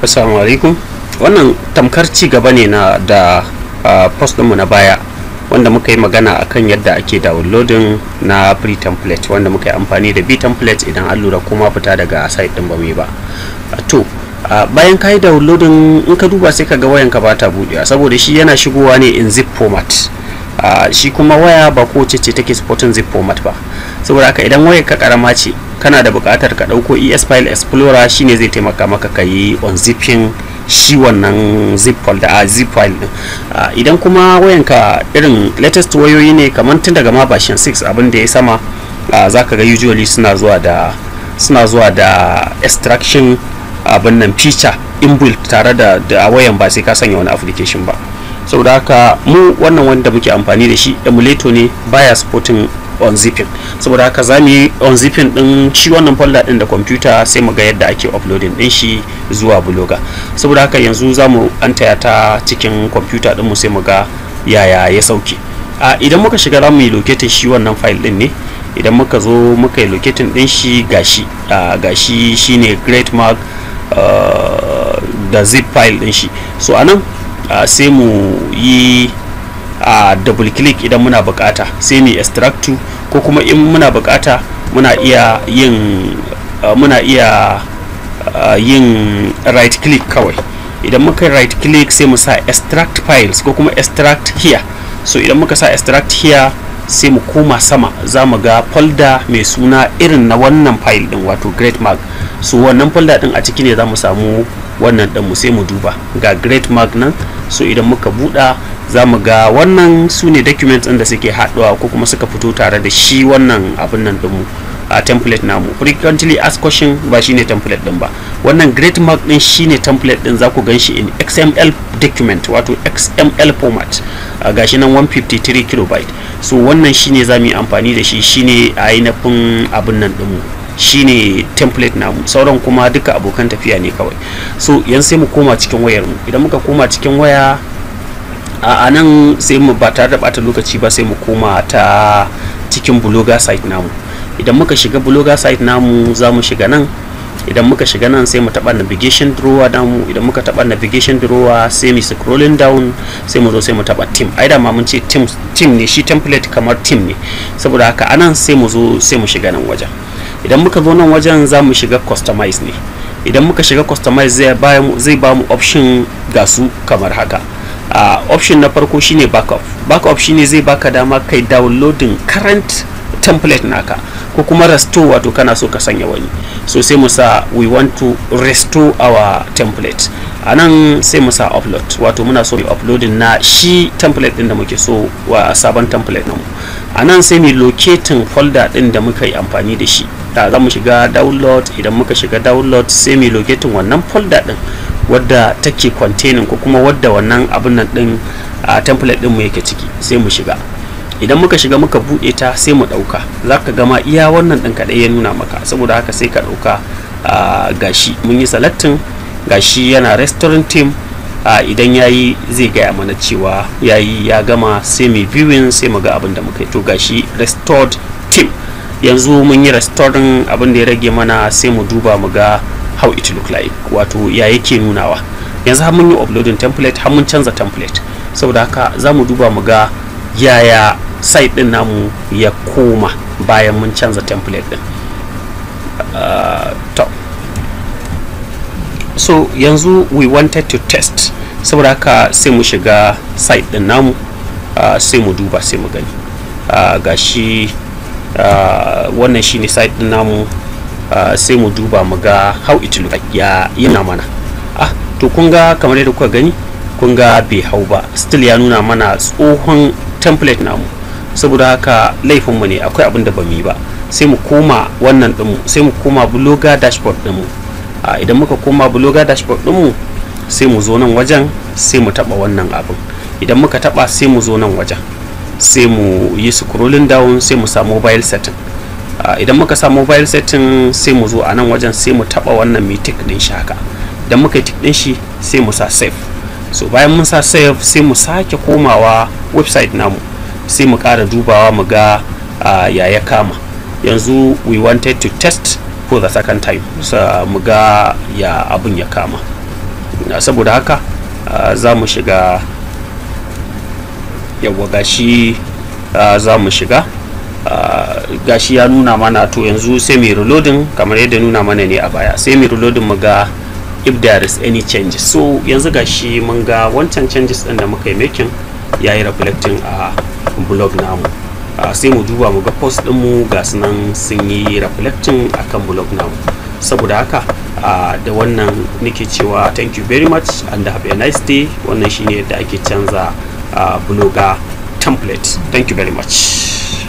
assalamu alaikum wannan tamkar ci gaba ne na da post ɗinmu na baya wanda muka yi magana akan yadda ake downloading na free template wanda muka yi amfani da b template idan an lura kuma fita daga site ɗin ba mai ba to bayan ka yi downloading in ka duba sai ka ga wayanka ba ta buɗewa saboda shi yana shigowa ne in zip format shi kuma waya ba kowace ce take supporting zip format ba saboda haka idan wayar ka karama ce kana da bukatar ka ɗauko es file explorer shine zai taimaka maka ka yi unzipping shi wannan zip da a ah, zip file din ah, idan kuma wayanka irin latest wayoyi ne kamar tun daga ma version 6 abin da ya sama ah, za ka ga usually suna zuwa da suna zuwa da extraction abin nan feature inbuilt tare da da wayan ba sai ka sanya wani application ba saboda haka mu wannan wanda muke amfani da shi emulator ne baya supporting unzipping saboda haka za mu yi unzipping din shi wannan folder din da kwamfuta sai mu ga yadda ake uploading din shi zuwa blogger saboda haka yanzu za mu antaya ta cikin kwamfuta din mu sai mu ga yaya ya sauke a idan muka shiga za mu yi locating shi wannan file din ne idan muka zo muka yi locating din shi gashi gashi shine great mark da zip file din shi so anan sai mu yi a double click idan muna bukata sai mu extract to ko kuma in muna bukata muna iya yin muna iya yin right click kawai idan muka right click sai mu sa extract files ko kuma extract here so idan muka sa extract here sai mu koma sama za mu ga folder mai suna irin na wannan file din wato great mark so wannan folder din a ciki ne za mu samu wannan din mu sai mu duba ga great mark nan so idan muka buɗa za mu ga wannan su ne documents ɗin da suke haɗuwa ko kuma suka fito tare da shi wannan abin nan ɗinmu a template namu frequently asked question ba shi ne template ɗin ba wannan great mark ɗin ne template ɗin za ku gan shi in xml document wato xml format ga shi nan 153 kilobyte so wannan shi ne za mu yi amfani da shi shi ne a ainihin abin nan ɗinmu ne template namu sauran kuma duka abokan tafiya ne kawai so yan sai mu koma cikin wayar mu idan muka koma cikin waya a nan sai mu ba tare da bata lokaci ba sai mu koma ta cikin bloga site namu idan muka shiga bloga site namu za mu shiga nan idan muka shiga nan sai mu taba navigation drawer namu idan muka taba navigation drawer sai mu scrolling down sai mu zo sai mu taba team ai da ma mun ce team team ne shi template kamar team ne saboda haka anan sai mu zo sai mu shiga nan wajen idan muka zo nan wajen za mu shiga customize ne idan muka shiga customize zai ba mu option ga su kamar haka uh, option na farko shine backup backup shine zai baka dama kai downloading current template naka ko kuma restore wato kana so ka sanya wani so sai mu sa we want to restore our template a sai mu sa upload wato muna so mu uploading na shi template din da muke so wa sabon template namu a nan sai mu locating folder din da muka yi amfani da shi da za mu shiga download idan muka shiga download sai mu locating wannan folder din wadda take containing ko kuma wadda wannan abin nan din a template din mu yake ciki sai mu shiga idan muka shiga muka buɗe ta sai mu ɗauka zaka ka gama iya wannan din kaɗai ya nuna maka saboda haka sai ka ɗauka gashi mun yi salatin gashi yana restaurant team a idan yayi zai gaya mana cewa yayi ya gama sai mu viewing sai mu ga abin da muka yi to gashi restored team yanzu mun yi restoring abin da ya rage mana sai mu duba mu ga how it look like wato ya yake nunawa yanzu har mun yi uploading template har mun canza template saboda haka za mu duba mu ga yaya site din namu ya koma bayan mun canza template din uh, to so yanzu we wanted to test saboda haka sai mu shiga site din namu uh, sai mu duba sai mu gani uh, gashi ga uh, wannan shine site din namu Ah, sai mu duba mu ga how it look ya yana mana ah to kun ga kamar yadda kuka gani kun ga bai hau ba still ya nuna mana tsohon template namu saboda haka laifin mu ne akwai abin da bamu yi ba sai mu koma wannan ɗinmu sai mu koma blogger dashboard ɗinmu ah, idan muka koma blogger dashboard ɗinmu sai mu zo nan wajen sai mu taba wannan abin idan muka taba sai mu zo nan wajen sai mu yi scrolling down sai mu samu mobile setting Ah, idan muka sa mobile setting sai mu zo a nan wajen sai mu taba wannan mai din shi haka idan muka yi tick din shi sai mu sa save so bayan mun sa save sai mu sake komawa website namu sai mu kara dubawa mu ga ah, ya ya kama yanzu we wanted to test for the second time so mu ga ya abun ya kama ah, saboda haka za mu shiga yawa gashi za mu shiga Ah, gashi ya nuna mana to yanzu sai reloading kamar yadda nuna mana ne a baya sai mai reloading mu ga if there is any changes so yanzu gashi mun ga wancan changes din da muka yi making ya yi reflecting a blog namu ah, sai mu duba mu ga post din mu ga sunan sun yi reflecting akan blog namu saboda haka ah, da wannan nake cewa thank you very much and have a nice day wannan shine da ake canza bloga template thank you very much